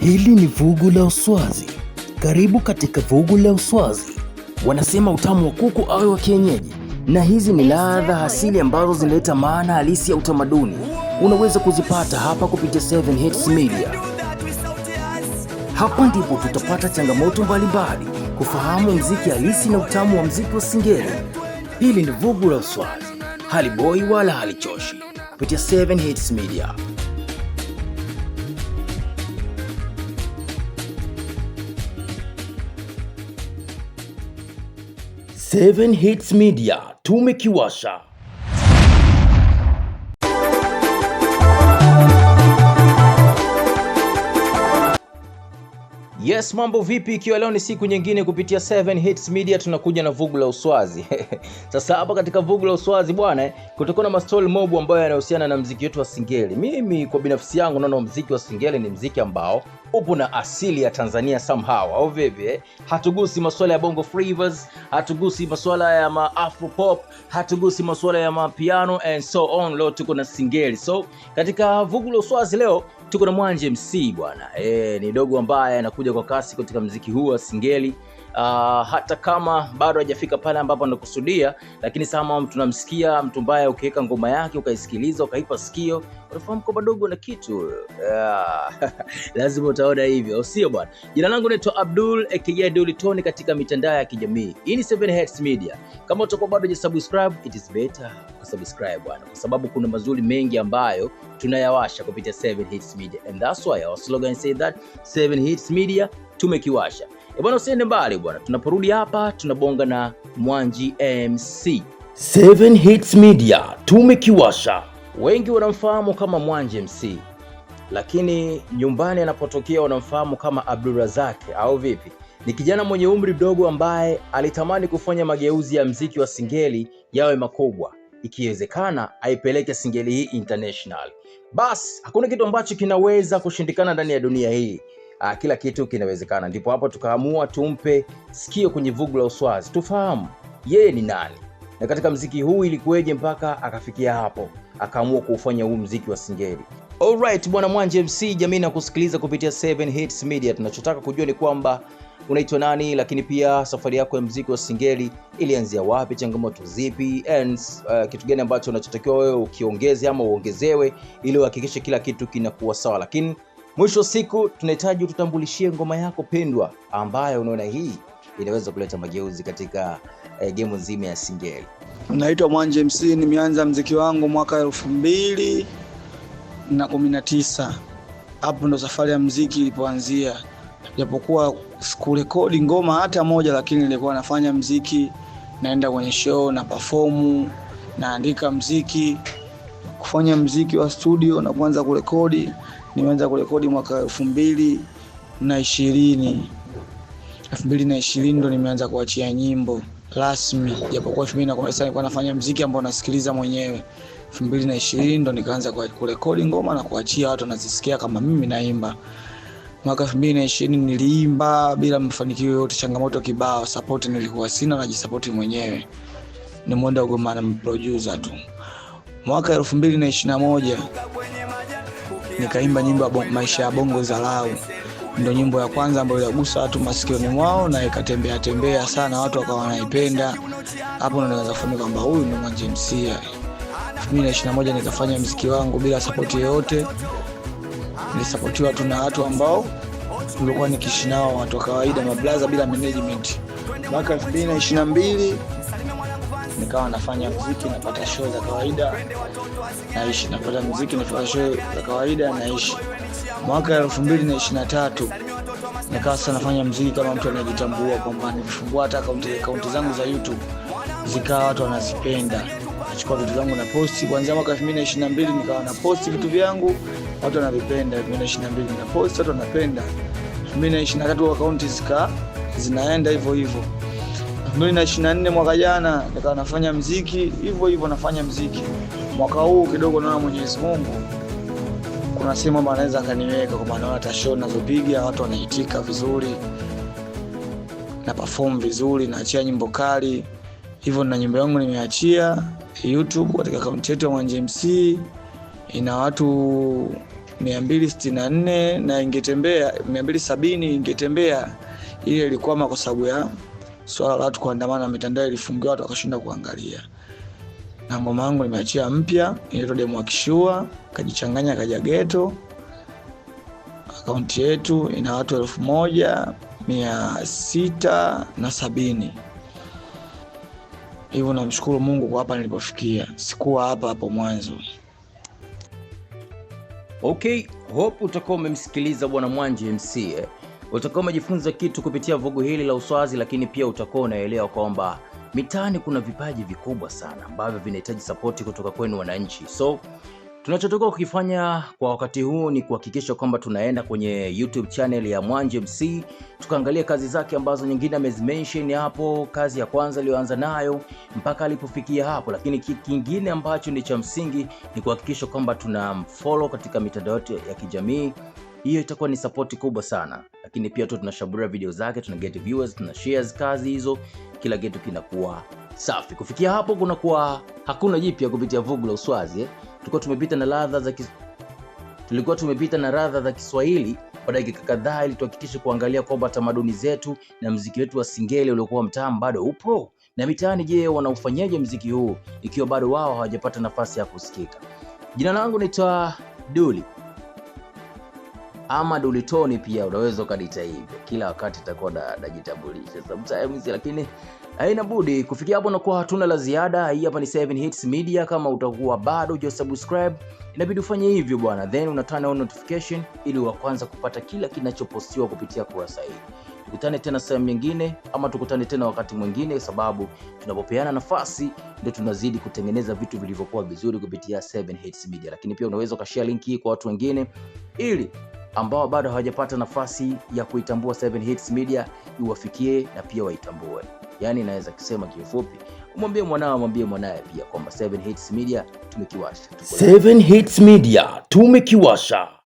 Hili ni vugu la uswazi. Karibu katika vugu la uswazi. Wanasema utamu wa kuku awe wa kienyeji, na hizi ni ladha asili ambazo zinaleta maana halisi ya utamaduni. Unaweza kuzipata hapa kupitia 7 Hits Media. Hapa ndipo tutapata changamoto mbalimbali, kufahamu mziki halisi na utamu wa mziki wa Singeli. Hili ni vugu la uswazi, haliboi wala halichoshi, kupitia 7 Hits Media. 7 Hits Media tumekiwasha. Yes, mambo vipi? Ikiwa leo ni siku nyingine kupitia 7 Hits Media tunakuja na vugu la uswazi. Sasa hapa katika vugu la uswazi bwana, eh, kutokana na mastori mob ambayo yanahusiana na mziki wetu wa Singeli. Mimi kwa binafsi yangu naona mziki wa Singeli ni mziki ambao upo na asili ya Tanzania somehow, au vipi eh? Hatugusi masuala ya bongo flavors, hatugusi masuala ya ma afro pop, hatugusi masuala ya mapiano and so on. Leo tuko na Singeli. So katika vugu la uswazi leo Tuko na Mwanji MC bwana, e, ni dogo ambaye anakuja kwa kasi katika mziki huu wa Singeli uh, hata kama bado hajafika pale ambapo anakusudia, lakini sama tunamsikia mtu mbaya, ukiweka ngoma yake ukaisikiliza ukaipa sikio unafahamu kwamba dogo na kitu yeah. lazima utaona hivyo, sio bwana? Jina langu naitwa Abdul aka Dully Tony katika mitandao ya kijamii. Hii ni 7 Hats Media. Kama utakuwa bado hujasubscribe, it is better kusubscribe bwana, kwa sababu kuna mazuri mengi ambayo tunayawasha kupitia 7 Hits Media and that's why our slogan say that 7 Hits Media tumekiwasha. E bwana, usiende mbali bwana, tunaporudi hapa tunabonga na Mwanji MC. Seven Hits Media tumekiwasha. Wengi wanamfahamu kama Mwanji MC, lakini nyumbani anapotokea wanamfahamu kama Abdulrazak au vipi? Ni kijana mwenye umri mdogo ambaye alitamani kufanya mageuzi ya mziki wa singeli yawe makubwa, ikiwezekana aipeleke singeli hii international. Basi hakuna kitu ambacho kinaweza kushindikana ndani ya dunia hii uh, kila kitu kinawezekana. Ndipo hapo tukaamua tumpe sikio kwenye vugu la uswazi, tufahamu yeye ni nani, na katika mziki huu ilikuweje mpaka akafikia hapo, akaamua kuufanya huu mziki wa Singeli. Alright, bwana Mwanje MC, jamii na kusikiliza kupitia 7 Hits Media. Tunachotaka kujua ni kwamba unaitwa nani, lakini pia safari yako ya mziki wa Singeli ilianzia wapi, changamoto zipi and uh, kitu gani ambacho unachotakiwa wewe ukiongeze ama uongezewe ili uhakikishe kila kitu kinakuwa sawa, lakini Mwisho siku tunahitaji tutambulishie ngoma yako pendwa ambayo unaona hii inaweza kuleta mageuzi katika eh, gemu nzima ya singeli. Naitwa Mwanje MC, nimeanza mziki wangu mwaka elfu mbili na kumi na tisa. Hapo ndo safari ya mziki ilipoanzia, japokuwa sikurekodi ngoma hata moja, lakini nilikuwa nafanya mziki, naenda kwenye show na perform, naandika mziki kufanya mziki wa studio na kuanza kurekodi. Nimeanza kurekodi mwaka elfu mbili na ishirini elfu mbili na ishirini ndo nimeanza kuachia nyimbo rasmi, japokuwa elfu mbili na kumi na tisa nilikuwa nafanya mziki ambao nasikiliza mwenyewe. elfu mbili na ishirini ndo nikaanza kurekodi ngoma na kuachia watu wanazisikia kama mimi naimba. Mwaka elfu mbili na ishirini niliimba bila mafanikio yoyote, changamoto kibao, sapoti nilikuwa sina, najisapoti mwenyewe, ni mwenda ugomana mprodusa tu. Mwaka elfu mbili na na moja nikaimba nyimbo maisha ya bongo zalau, ndo nyimbo ya kwanza ambayo iligusa watu masikioni mwao na ikatembea tembea sana, watu wakawa wanaipenda. Hapo naweza kufahami kwamba huyu ni mwanje Msia. na moja nikafanya mziki wangu bila sapoti yoyote, nilisapotiwa tu na watu ambao nilikuwa nikiishi nao, watu wa kawaida, mablaza bila management. Mwaka na na mbili nikawa nafanya muziki, napata show za kawaida naishi, napata muziki, napata show za kawaida naishi. Mwaka elfu mbili na ishirini na tatu nikawa sasa nafanya mziki kama mtu anajitambua, kwamba nilifungua hata akaunti zangu za YouTube zikawa watu wanazipenda nachukua vitu vyangu na posti. Kuanzia mwaka elfu mbili na na mbili nikawa na posti vitu vyangu, watu wanavipenda. elfu mbili na na na mbili posti, watu wanapenda. elfu mbili na na tatu akaunti zika zinaenda hivyo hivyo mbili na ishirini na nne mwaka jana nikawa nafanya mziki hivyo hivyo, nafanya mziki mwaka huu kidogo, naona Mwenyezi Mungu kuna sehemu ambayo anaweza akaniweka, kwa maana hata show ninazopiga watu wanaitika vizuri, na perform vizuri, naachia nyimbo kali hivyo, na nyimbo yangu nimeachia YouTube katika akaunti yetu ya Mwanji MC ina watu 264 na ingetembea 270 ingetembea, ile ilikuwa kwa sababu ya swala la watu kuandamana, mitandao ilifungiwa, watu wakashinda kuangalia. Na ngoma yangu nimeachia mpya, inaitwa Demu Akishua, kajichanganya kaja geto. Akaunti yetu ina watu elfu moja mia sita na sabini hivyo. Namshukuru Mungu kwa hapa nilipofikia, sikuwa hapa hapo mwanzo. Okay, hope utakuwa umemsikiliza bwana Mwanji MC eh? utakuwa umejifunza kitu kupitia vugu hili la uswazi, lakini pia utakuwa unaelewa kwamba mitaani kuna vipaji vikubwa sana ambavyo vinahitaji sapoti kutoka kwenu wananchi. So tunachotoka kukifanya kwa wakati huu ni kuhakikisha kwamba tunaenda kwenye YouTube channel ya Mwanje MC tukaangalia kazi zake ambazo nyingine amezimention hapo, kazi ya kwanza aliyoanza nayo mpaka alipofikia hapo. Lakini kingine ambacho ni cha msingi ni kuhakikisha kwamba tunamfollow katika mitandao yetu ya kijamii. Hiyo itakuwa ni sapoti kubwa sana lakini pia tu tunashaburia video zake, tuna get viewers, tuna shares, kazi hizo, kila kitu kinakuwa safi. Kufikia hapo kunakuwa hakuna jipya kupitia Vugu la Uswazi eh? tulikuwa tumepita na ladha za kis... tulikuwa tumepita na radha za Kiswahili kwa dakika kadhaa ili tuhakikishe kuangalia kwamba tamaduni zetu na mziki wetu wa singeli uliokuwa mtamu bado upo na mitaani. Je, wanaufanyaje mziki huu ikiwa bado wao hawajapata nafasi ya kusikika? Jina langu naitwa Duli ama dulitoni pia unaweza ukalita hivyo, kila wakati itakuwa najitambulisha sometimes, lakini haina budi kufikia hapo. Nakuwa hatuna la ziada. Hii hapa ni 7 Hits Media. Kama utakuwa bado hujasubscribe, inabidi ufanye hivyo bwana, then una turn on notification ili wa kwanza kupata kila kinachopostiwa kupitia kurasa hii. Tukutane tena sehemu nyingine, ama tukutane tena wakati mwingine, sababu tunapopeana nafasi ndio tunazidi kutengeneza vitu vilivyokuwa vizuri kupitia 7 Hits Media. Lakini pia unaweza ukashare linki hii kwa watu wengine ili ambao bado hawajapata nafasi ya kuitambua Seven Hits Media iwafikie na pia waitambue. Yaani naweza kusema kiufupi, umwambie mwanao, amwambie mwanaye pia kwamba Seven Hits Media tumekiwasha. Seven Hits Media tumekiwasha.